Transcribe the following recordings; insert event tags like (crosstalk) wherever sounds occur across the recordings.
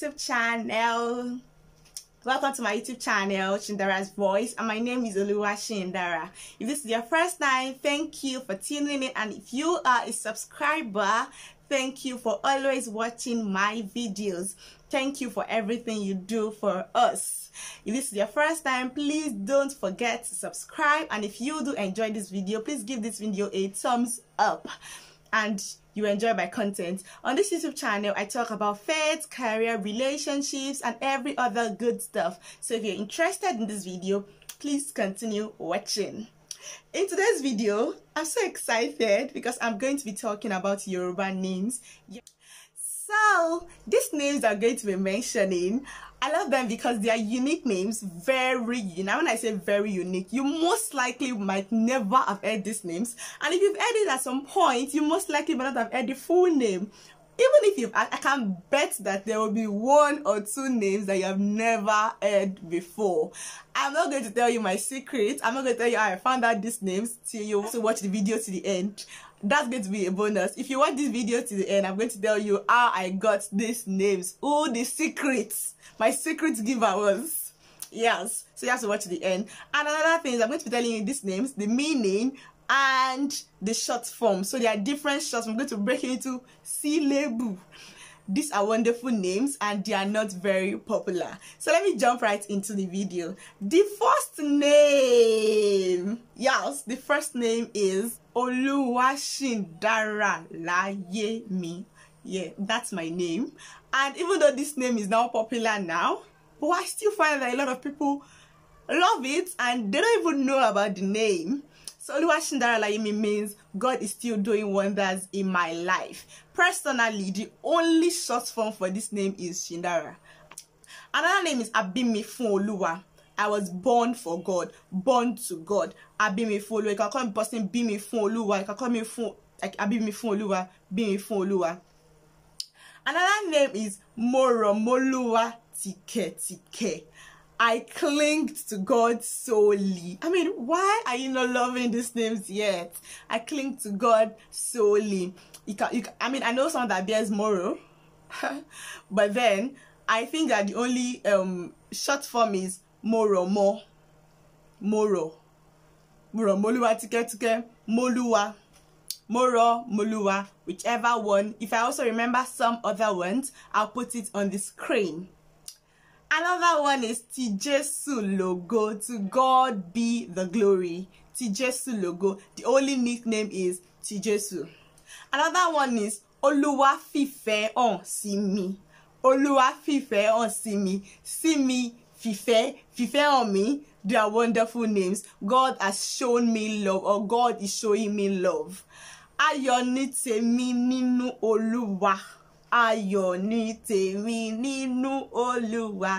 YouTube channel. Welcome to my YouTube channel, Shindara's Voice, and my name is Oluwa Shindara. If this is your first time, thank you for tuning in, and if you are a subscriber, thank you for always watching my videos. Thank you for everything you do for us. If this is your first time, please don't forget to subscribe, and if you do enjoy this video, please give this video a thumbs up. And you enjoy my content. On this YouTube channel, I talk about faith, career, relationships, and every other good stuff. So if you're interested in this video, please continue watching. In today's video, I'm so excited because I'm going to be talking about Yoruba names. So these names are going to be mentioning, I love them because they are unique names, very unique. Now when I say very unique, you most likely might never have heard these names. And if you've heard it at some point, you most likely might not have heard the full name. Even if you've, I, can bet that there will be one or two names that you have never heard before. I'm not going to tell you my secret. I'm not going to tell you how I found out these names till you watch the video to the end. that's going to be a bonus if you watch this video to the end i'm going to tell you how i got these names all the secrets my secret giver was yes so you have to watch to the end and another thing is i'm going to be telling you these names the meaning and the short form so there are different shorts i'm going to break it into syllable these are wonderful names and they are not very popular so let me jump right into the video the first name yes the first name is Layemi. yeah that's my name and even though this name is now popular now but I still find that a lot of people love it and they don't even know about the name So Oluwashindaralaimi means God is still doing wonders in my life. Personally, the only short form for this name is Shindara. Another name is Abimifun Oluwa. I was born for God, born to God. Abimifun Oluwa. You can call me person Bimifun Oluwa. You can call me Fun like Abimifun Oluwa, Bimifun Oluwa. Another name is Moromoluwa Tike Tike. I clinged to God solely. I mean, why are you not loving these names yet? I cling to God solely. You can, you can, I mean, I know someone that bears moral, (laughs) but then I think that the only um, short form is moral, more, moral, Moro, moluwa, tike, tike, moluwa, moro, moluwa, whichever one. If I also remember some other ones, I'll put it on the screen. Another one is Ti Logo. To God be the glory. Ti Logo. The only nickname is Ti Another one is Olúwa fife on simi. mi. fife on simi. Simi fife fife on me. They are wonderful names. God has shown me love or God is showing me love. Ayọ̀ ni tèmi nínú Olúwa ayọ̀ ni tèmi nínú olúwa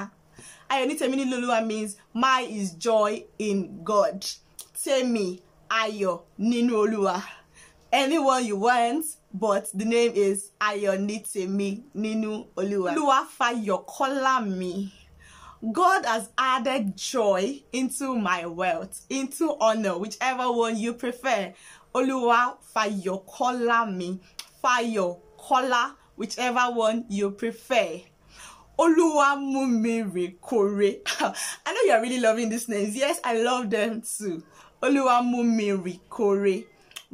ayọ̀ ni tèmi nínú olúwa means my is joy in God tèmi ayọ̀ nínú olúwa anyone you want but the name is ayọ̀ ni tèmi nínú olúwa olúwa fayọ̀ kọ́lá mi. God has added joy into my wealth, into honor, whichever one you prefer. Olúwa fayọ̀ kọ́lá mi, fayọ̀ kọ́lá whichever one you prefer. Oluwamumire Kore. (laughs) I know you are really loving these names. Yes, I love them too. Oluwamumire Kore.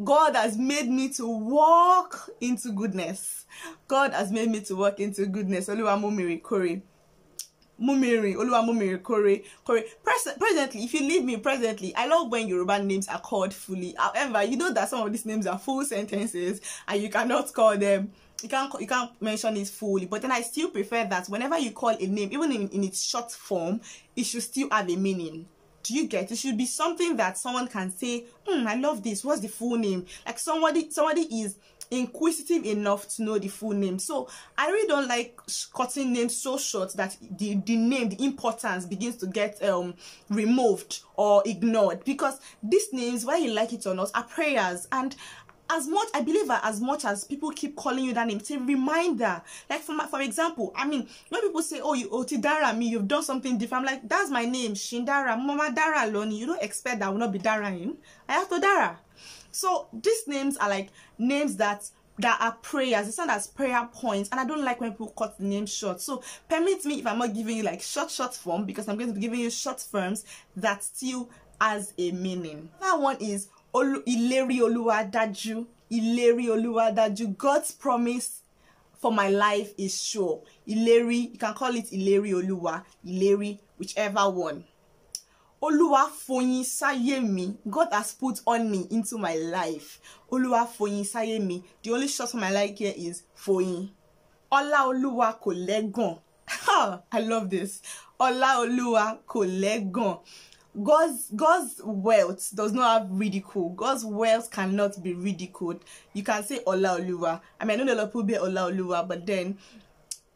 God has made me to walk into goodness. God has made me to walk into goodness. Oluwamumire Kore. Mumiri, Oluwamumiri Kore, Kore. Present, presently, if you leave me presently, I love when Yoruba names are called fully. However, you know that some of these names are full sentences and you cannot call them you can't you can't mention it fully but then i still prefer that whenever you call a name even in, in its short form it should still have a meaning do you get it should be something that someone can say "Hmm, i love this what's the full name like somebody somebody is inquisitive enough to know the full name so i really don't like cutting names so short that the the name the importance begins to get um removed or ignored because these names whether you like it or not are prayers and as much i believe her as much as people keep calling you that name it's a reminder like for my, for example i mean when people say oh you otidara oh, me you've done something different i'm like that's my name shindara mama dara loni you don't expect that i will not be dara in i have to dara so these names are like names that that are prayers It's not as prayer points and i don't like when people cut the name short so permit me if i'm not giving you like short short form because i'm going to be giving you short forms that still has a meaning That one is ìlérí olúwa dájú ìlérí olúwa dájú God's promise for my life is sure ìlérí you can call it ìlérí olúwa ìlérí whichever one olúwa fòyìn sáyé mi god has put honey into my life olúwa fòyìn sáyé mi the only short for my life here is fòyìn ọlá olúwa kò lẹ́gàn (laughs) i love this ọlá olúwa kò lẹ́gàn God's God's wealth does not have ridicule. God's wealth cannot be ridiculed. You can say Ola Oluwa. I mean, I know a lot of people be Ola Oluwa, but then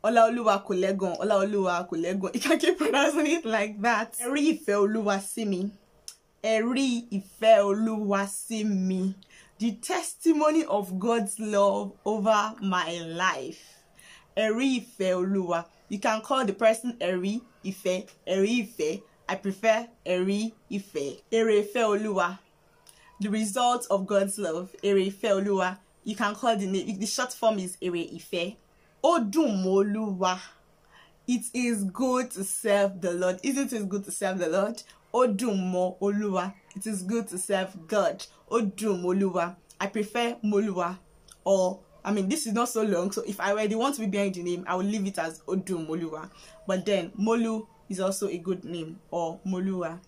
Ola Oluwa Kolegon, Ola Oluwa Kolegon. You can keep pronouncing it like that. Ẹ rí ìfẹ́ Olúwa sí mi. Ẹ rí The testimony of God's love over my life. Ẹ rí ìfẹ́ You can call the person Ẹ rí ìfẹ́, Ẹ I prefer Eri Ife. Ere Ife Oluwa. The result of God's love. Ere Ife Oluwa. You can call the name. The short form is Ere Ife. Odumoluwa. It is good to serve the Lord. Isn't it good to serve the Lord? Odumo Oluwa. It is good to serve God. Odumoluwa. I prefer Moluwa or I mean, this is not so long, so if I were the one to be behind the name, I would leave it as Odumoluwa. But then, Molu is also a good name or Moluwa.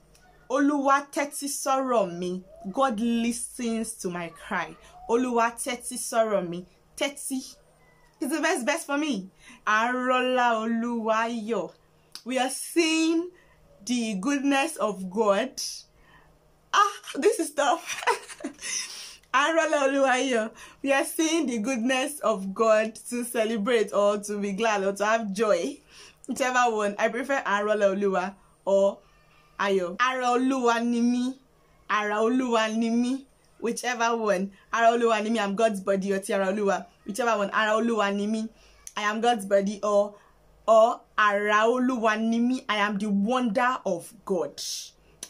Oluwa tẹ́tí sọ̀rọ̀ mi, God listens to my cry. Oluwa tẹ́tí sọ̀rọ̀ mi, tẹ́tí is the best best for me. Arola Oluwayo. We are seeing the goodness of God. Ah, this is tough. (laughs) Arola Oluwayo. We are seeing the goodness of God to celebrate or to be glad or to have joy whichever one i prefer arola oluwa or ayo ara oluwa ni mi ara oluwa ni mi whichever one ara oluwa ni mi i'm god's body or ti ara oluwa whichever one ara oluwa ni mi i am god's body or or ara oluwa ni mi i am the wonder of god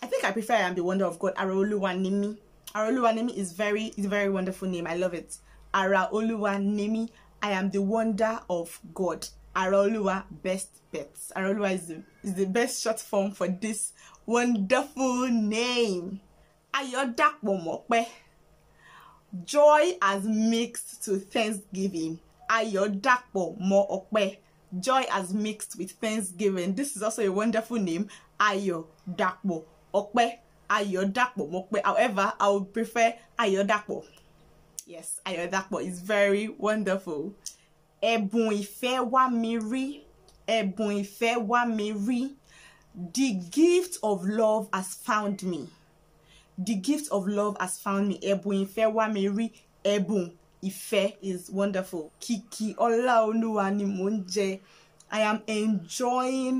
i think i prefer i am the wonder of god ara oluwa ni mi ara oluwa ni mi is very is a very wonderful name i love it ara oluwa ni mi i am the wonder of god Araoluwa Best Bets. Araoluwa is the, is the best short form for this wonderful name. Ayodapomope. Joy has mixed to thanksgiving. Ayodapomope. Joy has mixed with thanksgiving. This is also a wonderful name. Ayodapomope. Ayodapomope. However, I would prefer Ayodapo. Yes, Ayodapo is very wonderful ẹ̀bùn ìfẹ́ wá mi rí ẹ̀bùn ìfẹ́ wá mi rí the gift of love has found me the gift of love has found me ẹ̀bùn ìfẹ́ wá mi rí ẹ̀bùn ìfẹ́ is wonderful kìkì ọlá olúwa ni mò ń jẹ I am enjoying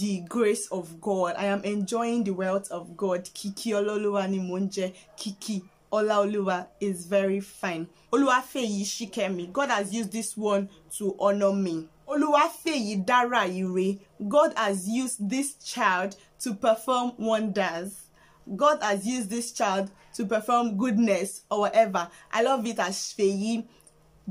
the grace of God I am enjoying the wealth of God kìkì ọlọ́lúwa ni mò ń jẹ kìkì Olaoluwa is very fine. Oluwafeyi Shikemi, God has used this one to honor me. Oluwafeyi Dara God has used this child to perform wonders. God has used this child to perform goodness or whatever. I love it as Feyi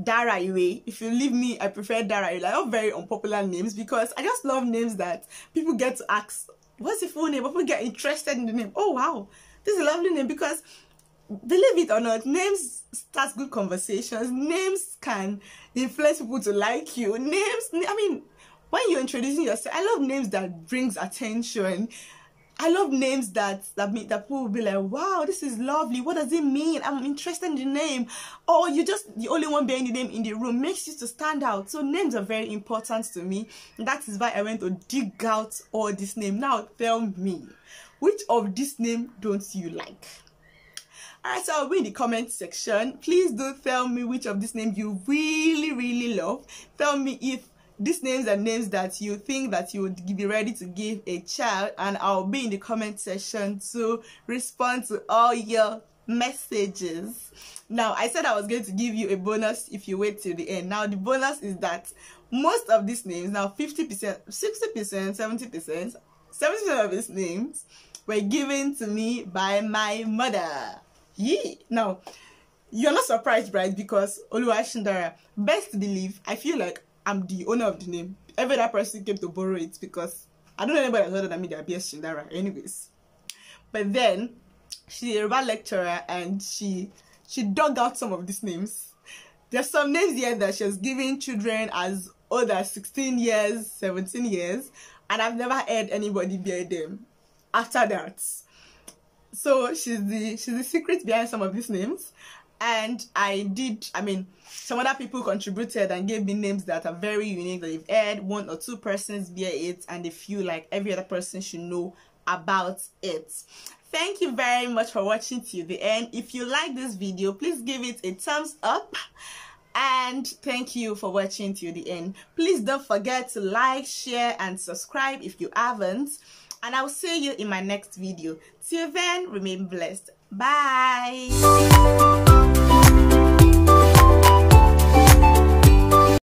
Dara If you leave me, I prefer Dara I love very unpopular names because I just love names that people get to ask, what's the full name? People get interested in the name. Oh, wow. This is a lovely name because believe it or not, names starts good conversations. Names can influence people to like you. Names, I mean, when you're introducing yourself, I love names that brings attention. I love names that that make that people will be like, wow, this is lovely. What does it mean? I'm interested in the name. Or you're just the only one bearing the name in the room makes you to stand out. So names are very important to me. That is why I went to dig out all this name. Now tell me, which of this name don't you like? i will be in the comment section. Please do tell me which of these names you really, really love. Tell me if these names are names that you think that you would be ready to give a child and I'll be in the comment section to respond to all your messages now i said i was going to give you a bonus if you wait till the end now the bonus is that most of these names now 50 percent 60 percent 70 percent 70 percent of these names were given to me by my mother Yee! Now, you're not surprised, right? Because Oluwashindara, best believe, I feel like I'm the owner of the name. Every other person came to borrow it because I don't know anybody other than me that BS Shindara, anyways. But then she's a Yoruba lecturer and she she dug out some of these names. There's some names here that she has given children as old as 16 years, 17 years, and I've never heard anybody bear them after that so she's the she's the secret behind some of these names and I did, I mean, some other people contributed and gave me names that are very unique that they've heard, one or two persons bear it, and they feel like every other person should know about it. Thank you very much for watching till the end. If you like this video, please give it a thumbs up. And thank you for watching till the end. Please don't forget to like, share, and subscribe if you haven't. and I'll see you in my next video. Till then, remain blessed. Bye.